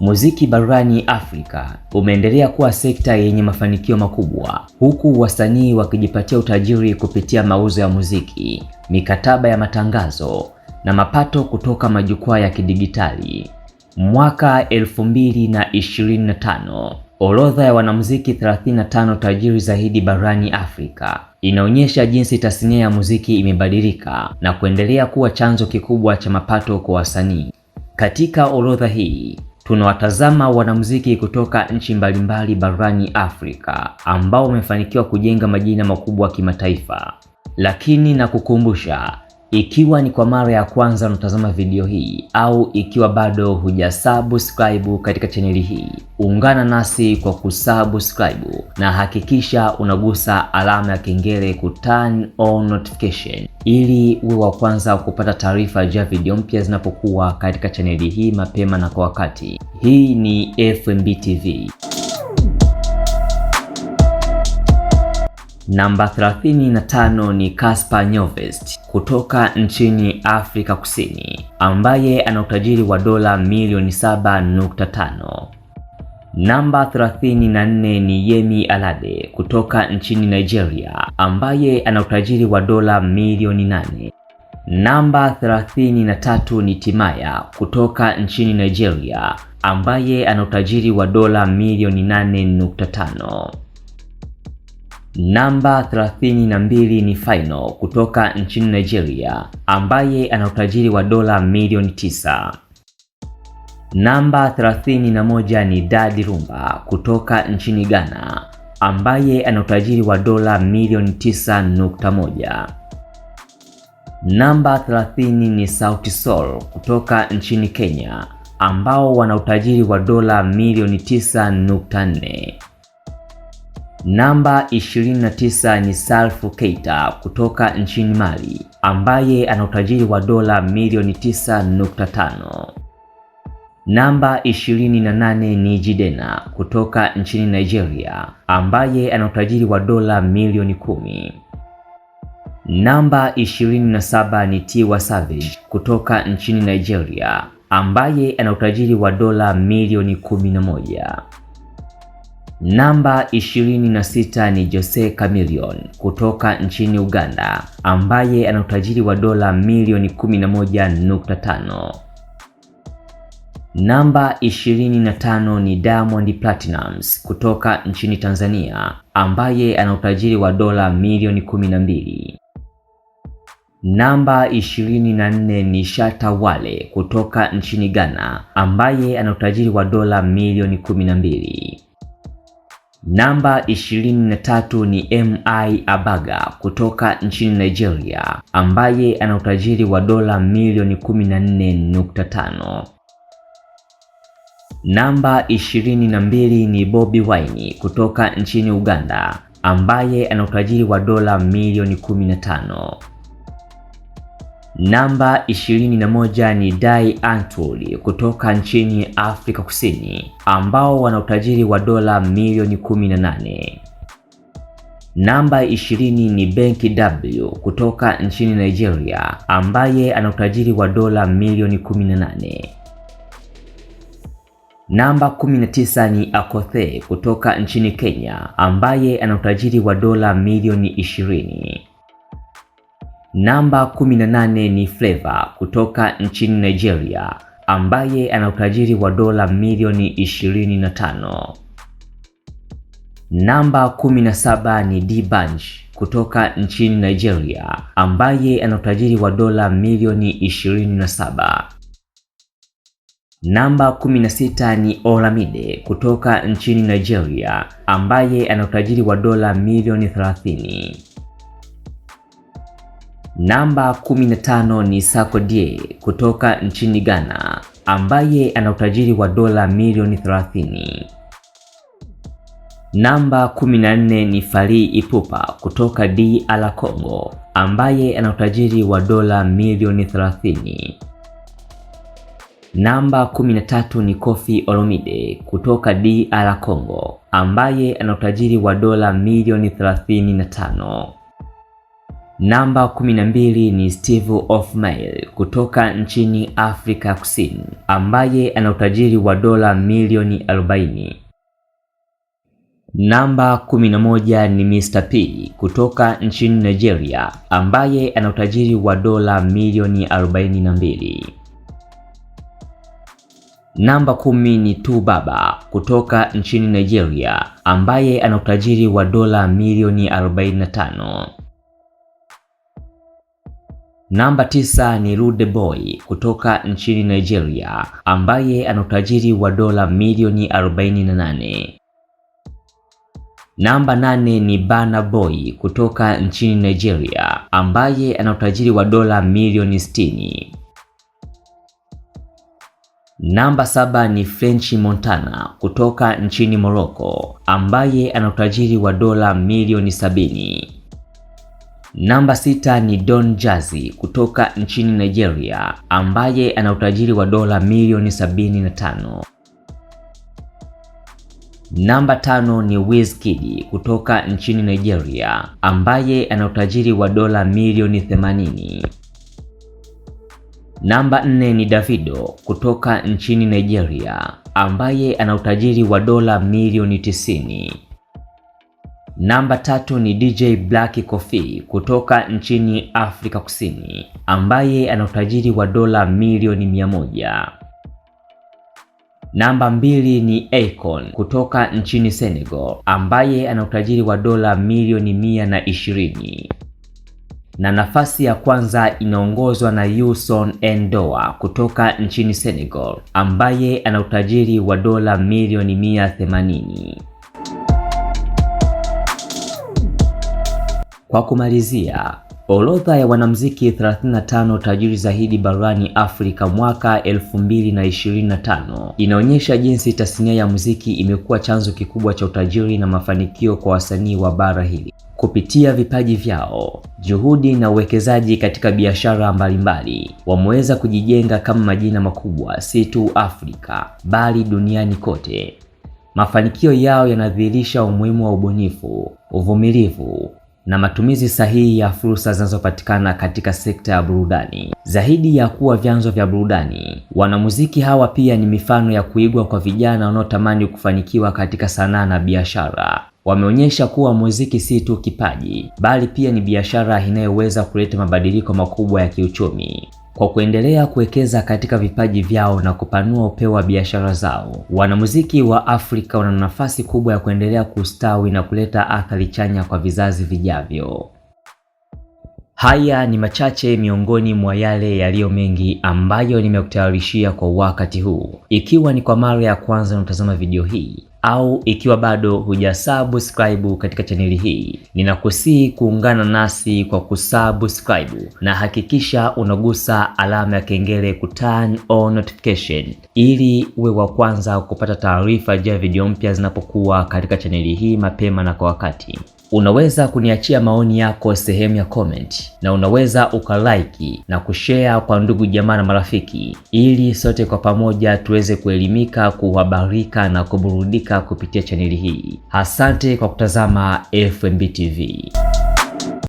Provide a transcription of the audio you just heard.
Muziki barani Afrika umeendelea kuwa sekta yenye mafanikio makubwa, huku wasanii wakijipatia utajiri kupitia mauzo ya muziki, mikataba ya matangazo na mapato kutoka majukwaa ya kidigitali Mwaka 2025, orodha ya wanamuziki 35 tajiri zaidi barani Afrika inaonyesha jinsi tasnia ya muziki imebadilika na kuendelea kuwa chanzo kikubwa cha mapato kwa wasanii. Katika orodha hii, tunawatazama wanamuziki kutoka nchi mbalimbali barani Afrika ambao wamefanikiwa kujenga majina makubwa kimataifa, lakini na kukumbusha ikiwa ni kwa mara ya kwanza unatazama video hii au ikiwa bado hujasubscribe katika chaneli hii, ungana nasi kwa kusubscribe na hakikisha unagusa alama ya kengele ku turn on notification ili uwe wa kwanza kupata taarifa za video mpya zinapokuwa katika chaneli hii mapema na kwa wakati. Hii ni FMB TV. Namba 35 ni Kasper Nyovest kutoka nchini Afrika Kusini ambaye ana utajiri wa dola milioni 7.5. Namba 34 ni Yemi Alade kutoka nchini Nigeria ambaye ana utajiri wa dola milioni 8. Namba 33 ni Timaya kutoka nchini Nigeria ambaye ana utajiri wa dola milioni 8.5. Namba 32 ni Final kutoka nchini Nigeria ambaye ana utajiri wa dola milioni 9. Namba 31 ni Dadi Rumba kutoka nchini Ghana ambaye ana utajiri wa dola milioni 9.1. Namba 30 ni Sauti Sol kutoka nchini Kenya ambao wana utajiri wa dola milioni 9.4. Namba 29 ni Salfu Keita kutoka nchini Mali ambaye ana utajiri wa dola milioni 9.5. Namba 28 ni Jidena kutoka nchini Nigeria ambaye ana utajiri wa dola milioni 10. Namba 27 ni Tiwa Savage kutoka nchini Nigeria ambaye ana utajiri wa dola milioni 11. Namba 26 ni Jose Chameleone kutoka nchini Uganda ambaye ana utajiri wa dola milioni 11.5. Namba 25 ni Diamond Platnumz kutoka nchini Tanzania ambaye ana utajiri wa dola milioni 12. Namba 24 ni Shatta Wale kutoka nchini Ghana ambaye ana utajiri wa dola milioni 12. Namba 23 ni M.I. Abaga kutoka nchini Nigeria ambaye ana utajiri wa dola milioni 14.5. Namba 22 ni Bobi Wine kutoka nchini Uganda ambaye ana utajiri wa dola milioni 15. Namba 21 ni Dai Antwoord kutoka nchini Afrika Kusini ambao wana utajiri wa dola milioni 18. Namba 20 ni Benki W kutoka nchini Nigeria ambaye ana utajiri wa dola milioni 18. Namba 19 ni Akothe kutoka nchini Kenya ambaye ana utajiri wa dola milioni 20. Namba 18 ni Flavour kutoka nchini Nigeria ambaye ana utajiri wa dola milioni 25. Namba 17 ni D'banj kutoka nchini Nigeria ambaye ana utajiri wa dola milioni 27. Namba 16 ni Olamide kutoka nchini Nigeria ambaye ana utajiri wa dola milioni 30. Namba 15 ni Die kutoka nchini Ghana ambaye ana utajiri wa dola milioni 30. Namba 14 ni Fally Ipupa kutoka DR Congo ambaye ana utajiri wa dola milioni 30. Namba 13 ni Koffi Olomide kutoka DR Congo ambaye ana utajiri wa dola milioni 35. Namba 12 ni Steve Hofmeyr kutoka nchini Afrika Kusini ambaye ana utajiri wa dola milioni 40. Namba 11 ni Mr. P kutoka nchini Nigeria ambaye ana utajiri wa dola milioni 42. Namba kumi ni Tu Baba kutoka nchini Nigeria ambaye ana utajiri wa dola milioni 45. Namba tisa ni Rude Boy kutoka nchini Nigeria ambaye ana utajiri wa dola milioni 48. Namba nane ni Burna Boy kutoka nchini Nigeria ambaye ana utajiri wa dola milioni 60. Namba saba ni French Montana kutoka nchini Morocco ambaye ana utajiri wa dola milioni sabini. Namba sita ni Don Jazzy kutoka nchini Nigeria ambaye ana utajiri wa dola milioni 75. Namba tano ni Wizkid kutoka nchini Nigeria ambaye ana utajiri wa dola milioni 80. Namba nne ni Davido kutoka nchini Nigeria ambaye ana utajiri wa dola milioni 90. Namba tatu ni DJ Black Coffee kutoka nchini Afrika Kusini ambaye ana utajiri wa dola milioni mia moja. Namba mbili ni Akon kutoka nchini Senegal ambaye ana utajiri wa dola milioni mia na ishirini na nafasi ya kwanza inaongozwa na Youssou Endoa kutoka nchini Senegal ambaye ana utajiri wa dola milioni mia themanini. Kwa kumalizia, orodha ya wanamuziki 35 tajiri zaidi barani Afrika mwaka 2025 inaonyesha jinsi tasnia ya muziki imekuwa chanzo kikubwa cha utajiri na mafanikio kwa wasanii wa bara hili. Kupitia vipaji vyao, juhudi na uwekezaji katika biashara mbalimbali, wameweza kujijenga kama majina makubwa si tu Afrika bali duniani kote. Mafanikio yao yanadhihirisha umuhimu wa ubunifu, uvumilivu na matumizi sahihi ya fursa zinazopatikana katika sekta ya burudani. Zaidi ya kuwa vyanzo vya burudani, wanamuziki hawa pia ni mifano ya kuigwa kwa vijana wanaotamani kufanikiwa katika sanaa na biashara. Wameonyesha kuwa muziki si tu kipaji, bali pia ni biashara inayoweza kuleta mabadiliko makubwa ya kiuchumi. Kwa kuendelea kuwekeza katika vipaji vyao na kupanua upeo wa biashara zao, wanamuziki wa Afrika wana nafasi kubwa ya kuendelea kustawi na kuleta athari chanya kwa vizazi vijavyo. Haya ni machache miongoni mwa yale yaliyo mengi ambayo nimekutayarishia kwa wakati huu. Ikiwa ni kwa mara ya kwanza unatazama video hii, au ikiwa bado hujasubscribe katika chaneli hii, ninakusii kuungana nasi kwa kusubscribe na hakikisha unagusa alama ya kengele ku turn on notification ili uwe wa kwanza kupata taarifa juu ya video mpya zinapokuwa katika chaneli hii mapema na kwa wakati. Unaweza kuniachia maoni yako sehemu ya comment, na unaweza ukalaiki na kushare kwa ndugu jamaa na marafiki, ili sote kwa pamoja tuweze kuelimika, kuhabarika na kuburudika kupitia chaneli hii. Asante kwa kutazama FMB TV.